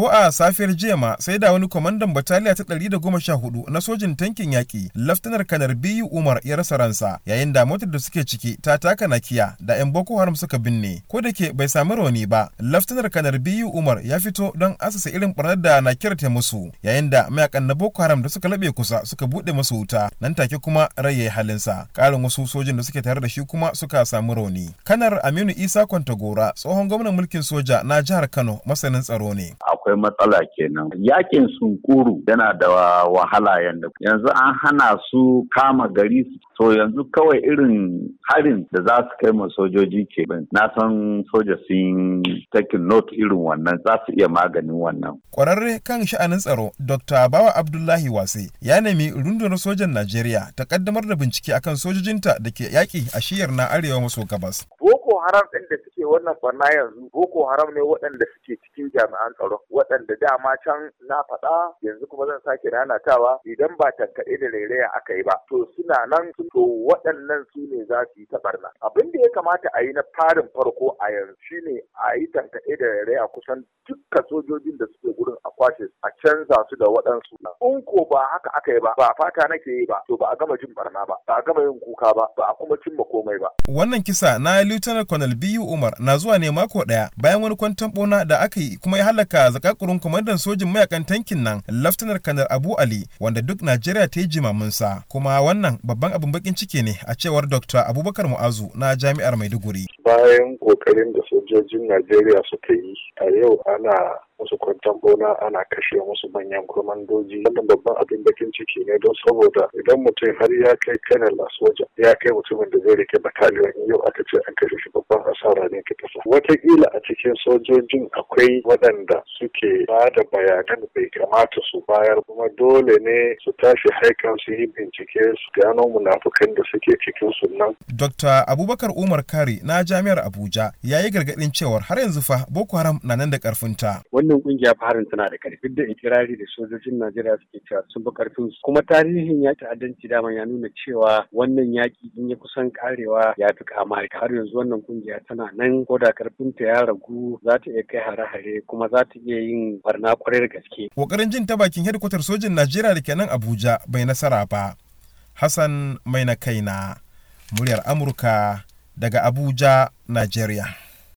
Ko a safiyar jiya ma sai da wani kwamandan bataliya ta 114 na sojin tankin yaƙi, Laftanar Kanar Biyu Umar ya rasa ransa yayin da motar da suke ciki ta taka nakiya da 'yan Boko Haram suka binne. Ko da ke bai sami rauni ba, Laftanar Kanar Biyu Umar ya fito don asasa irin barnar da nakiyar ta musu yayin da mayakan na Boko Haram da suka laɓe kusa suka buɗe masu wuta nan take kuma raye halinsa. Ƙarin wasu sojin da suke tare da shi kuma suka samu rauni. Kanar Aminu Isa Kwantagora tsohon gwamnan mulkin soja na jihar Kano masanin tsaro ne. akwai matsala kenan yakin sunkuru yana da wahala yanda yanzu an hana su kama gari to yanzu kawai irin harin da za su kai ma sojoji ke na san soja sun taking note irin wannan za su iya maganin wannan kwararre kan sha'anin tsaro dr bawa abdullahi wase ya nemi rundunar sojan najeriya ta kaddamar da bincike akan sojojinta da ke yaki a shiyar na arewa maso gabas boko haram ɗin da suke wannan farna yanzu boko haram ne waɗanda suke cikin jami'an tsaro waɗanda dama can na faɗa yanzu kuma zan sake nanatawa idan ba tankaɗe da rairaya aka yi ba to suna nan to waɗannan su ne za su yi ta barna abin da ya kamata a yi na farin farko a yanzu shine a yi tankaɗe da rairaya kusan dukkan sojojin da suke gurin a kwashe a canza su da waɗansu in ko ba haka aka yi ba ba fata nake yi ba to ba a gama jin barna ba ba a gama yin kuka ba ba a kuma cimma komai ba wannan kisa na lieutenant colonel biyu umar na zuwa ne mako daya bayan wani kwantan bona da aka yi kuma ya halaka zakakurin kwamandan sojin mayakan tankin nan laftanar kanar abu ali wanda duk najeriya ta yi jimaminsa kuma wannan babban abin bakin ciki ne a cewar dr abubakar mu'azu na jami'ar maiduguri bayan kokarin da sojojin najeriya suka yi a yau ana musu kwantan bona ana kashe musu manyan kwamandoji wannan babban abin bakin ciki ne don saboda idan mutum har ya kai a soja ya kai mutumin da zai rike in yau aka ce an kashe shi babban asara ne ta kasa wataƙila a cikin sojojin akwai waɗanda suke ba da bayanan bai kamata su bayar kuma dole ne su tashi haikan su yi bincike su gano munafukan da suke cikin sunan. Dr. Abubakar Umar Kari na Jami'ar Abuja ya yi gargaɗin cewar har yanzu fa Boko Haram na nan da ƙarfinta. Wannan wannan kungiya farin tana da karfi da ikirari da sojojin Najeriya suke cewa sun bi karfin su kuma tarihin ya ta'addanci dama ya nuna cewa wannan yaki in ya kusan karewa ya fi kama har yanzu wannan kungiya tana nan ko da ta ya ragu za ta iya kai hare-hare kuma za ta iya yin barna kwarar gaske. Kokarin jin ta bakin hedkwatar sojin Najeriya da ke Abuja bai nasara ba. Hassan mai na kaina muryar Amurka daga Abuja, Najeriya.